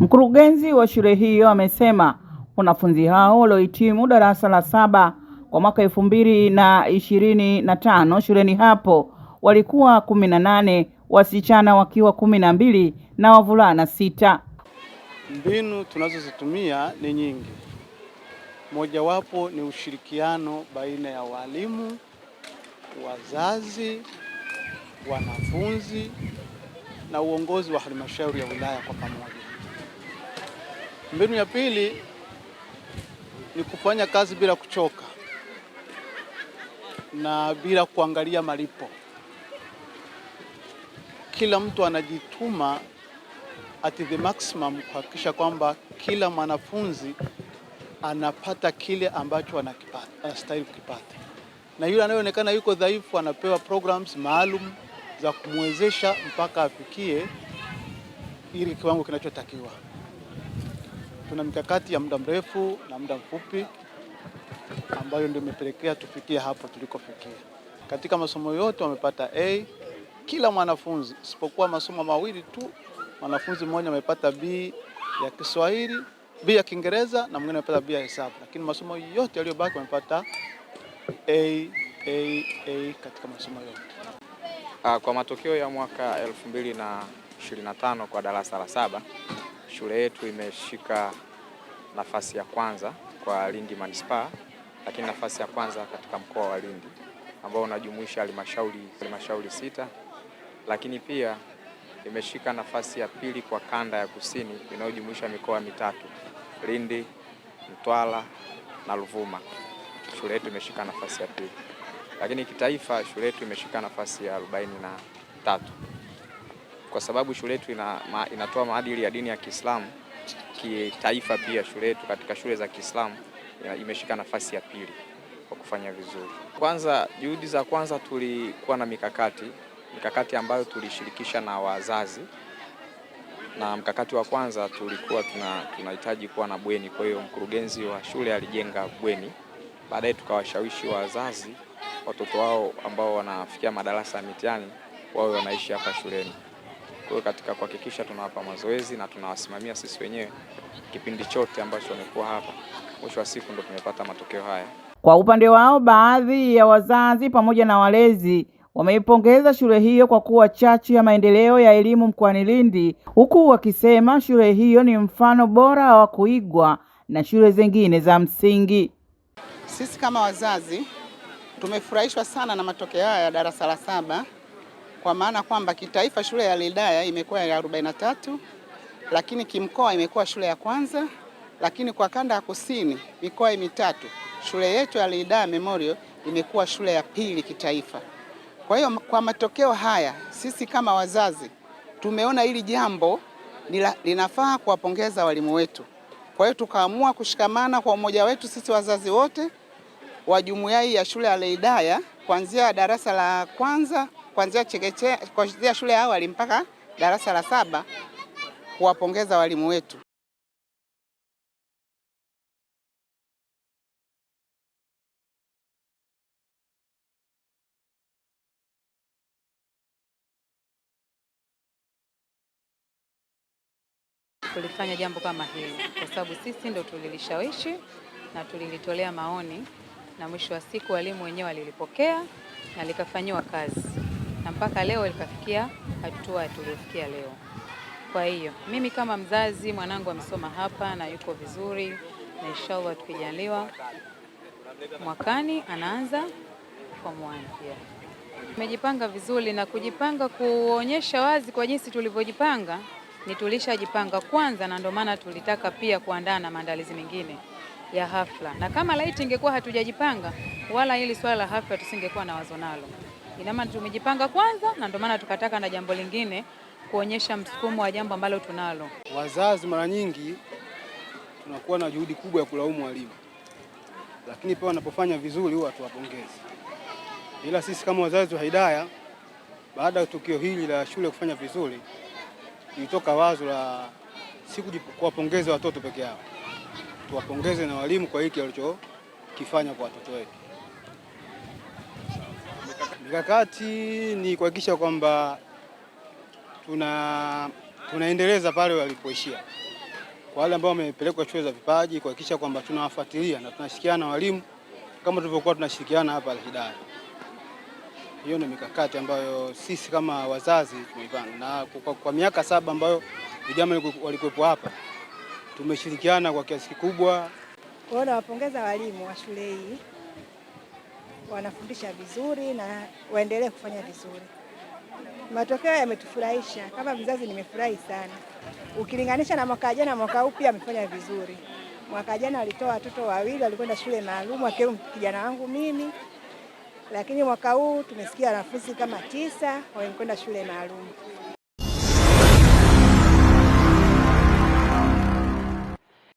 Mkurugenzi wa shule hiyo amesema wanafunzi hao waliohitimu darasa la saba kwa mwaka elfu mbili na ishirini na tano shuleni hapo walikuwa kumi na nane, wasichana wakiwa kumi na mbili na wavulana sita. Mbinu tunazozitumia ni nyingi, mojawapo ni ushirikiano baina ya walimu, wazazi, wanafunzi na uongozi wa halmashauri ya wilaya kwa pamoja. Mbinu ya pili ni kufanya kazi bila kuchoka na bila kuangalia malipo. Kila mtu anajituma at the maximum kuhakikisha kwamba kila mwanafunzi anapata kile ambacho anastahili kukipata, na yule anayeonekana yuko dhaifu anapewa programs maalum za kumwezesha mpaka afikie ili kiwango kinachotakiwa. Tuna mikakati ya muda mrefu na muda mfupi ambayo ndio imepelekea tufikie hapo tulikofikia. Katika masomo yote wamepata A kila mwanafunzi isipokuwa masomo mawili tu, mwanafunzi mmoja amepata B ya Kiswahili, B ya Kiingereza na mwingine amepata B ya hesabu, lakini masomo yote yaliyobaki wamepata A, A, A katika masomo yote. Ah, kwa matokeo ya mwaka 2025 kwa darasa la saba shule yetu imeshika nafasi ya kwanza kwa Lindi Manispaa, lakini nafasi ya kwanza katika mkoa wa Lindi ambao unajumuisha halmashauri halmashauri sita, lakini pia imeshika nafasi ya pili kwa kanda ya kusini inayojumuisha mikoa mitatu Lindi, Mtwara na Ruvuma. Shule yetu imeshika nafasi ya pili, lakini kitaifa shule yetu imeshika nafasi ya arobaini na tatu kwa sababu shule yetu ina, ma, inatoa maadili ya dini ya Kiislamu kitaifa. Pia shule yetu katika shule za Kiislamu imeshika nafasi ya pili kwa kufanya vizuri. Kwanza, juhudi za kwanza tulikuwa na mikakati mikakati ambayo tulishirikisha na wazazi, na mkakati wa kwanza tulikuwa tuna, tunahitaji kuwa na bweni. Kwa hiyo mkurugenzi wa shule alijenga bweni, baadaye tukawashawishi wazazi watoto wao ambao wanafikia madarasa ya mitihani wawe wanaishi hapa shuleni. Kwa katika kuhakikisha tunawapa mazoezi na tunawasimamia sisi wenyewe kipindi chote ambacho wamekuwa hapa, mwisho wa siku ndo tumepata matokeo haya. Kwa upande wao, baadhi ya wazazi pamoja na walezi wameipongeza shule hiyo kwa kuwa chachu ya maendeleo ya elimu mkoani Lindi, huku wakisema shule hiyo ni mfano bora wa kuigwa na shule zingine za msingi. Sisi kama wazazi tumefurahishwa sana na matokeo haya ya darasa la saba kwa maana kwamba kitaifa shule ya Lidaya imekuwa ya 43 lakini kimkoa imekuwa shule ya kwanza, lakini kwa kanda ya kusini mikoa mitatu shule yetu ya Lidaya Memorial imekuwa shule ya pili kitaifa. Kwa hiyo kwa matokeo haya sisi kama wazazi tumeona hili jambo nila, linafaa kuwapongeza walimu wetu. Kwa hiyo tukaamua kushikamana kwa umoja wetu sisi wazazi wote wa jumuiya hii ya shule ya Lidaya kuanzia darasa la kwanza kuanzia chekechea, kuanzia shule ya awali mpaka darasa la saba kuwapongeza walimu wetu. Tulifanya jambo kama hili kwa sababu sisi ndo tulilishawishi na tulilitolea maoni, na mwisho wa siku walimu wenyewe walilipokea na likafanyiwa kazi na mpaka leo likafikia hatua tuliyofikia leo. Kwa hiyo mimi kama mzazi, mwanangu amesoma hapa na yuko vizuri, na inshallah tukijaliwa mwakani anaanza form 1 pia. Tumejipanga vizuri na kujipanga kuonyesha wazi kwa jinsi tulivyojipanga ni tulishajipanga kwanza, na ndio maana tulitaka pia kuandaa na maandalizi mengine ya hafla, na kama laiti ingekuwa hatujajipanga wala hili swala la hafla tusingekuwa na wazo nalo. Ina maana tumejipanga kwanza, na ndio maana tukataka na jambo lingine kuonyesha msukumo wa jambo ambalo tunalo. Wazazi mara nyingi tunakuwa na juhudi kubwa ya kulaumu walimu, lakini pia wanapofanya vizuri huwa tuwapongeze. Ila sisi kama wazazi wa Hidaya, baada ya tukio hili la shule kufanya vizuri, ilitoka wazo la si kuwapongeza watoto peke yao, tuwapongeze na walimu kwa hiki walichokifanya kwa watoto wetu. Mikakati ni kuhakikisha kwamba tuna tunaendeleza pale walipoishia, kwa wale ambao wamepelekwa chuo za vipaji, kuhakikisha kwamba tunawafuatilia na tunashirikiana na walimu kama tulivyokuwa tunashirikiana hapa Alhidaya. Hiyo ni mikakati ambayo sisi kama wazazi tumeipanga, na kwa, kwa miaka saba ambayo vijana walikuwepo hapa tumeshirikiana kwa kiasi kikubwa. Kwa hiyo nawapongeza walimu wa shule hii wanafundisha vizuri na waendelee kufanya vizuri. Matokeo yametufurahisha, kama mzazi nimefurahi sana. Ukilinganisha na mwaka jana, mwaka huu pia amefanya vizuri. Mwaka jana walitoa watoto wawili walikwenda shule maalum, akiwa kijana wangu mimi, lakini mwaka huu tumesikia wanafunzi kama tisa wamekwenda shule maalum.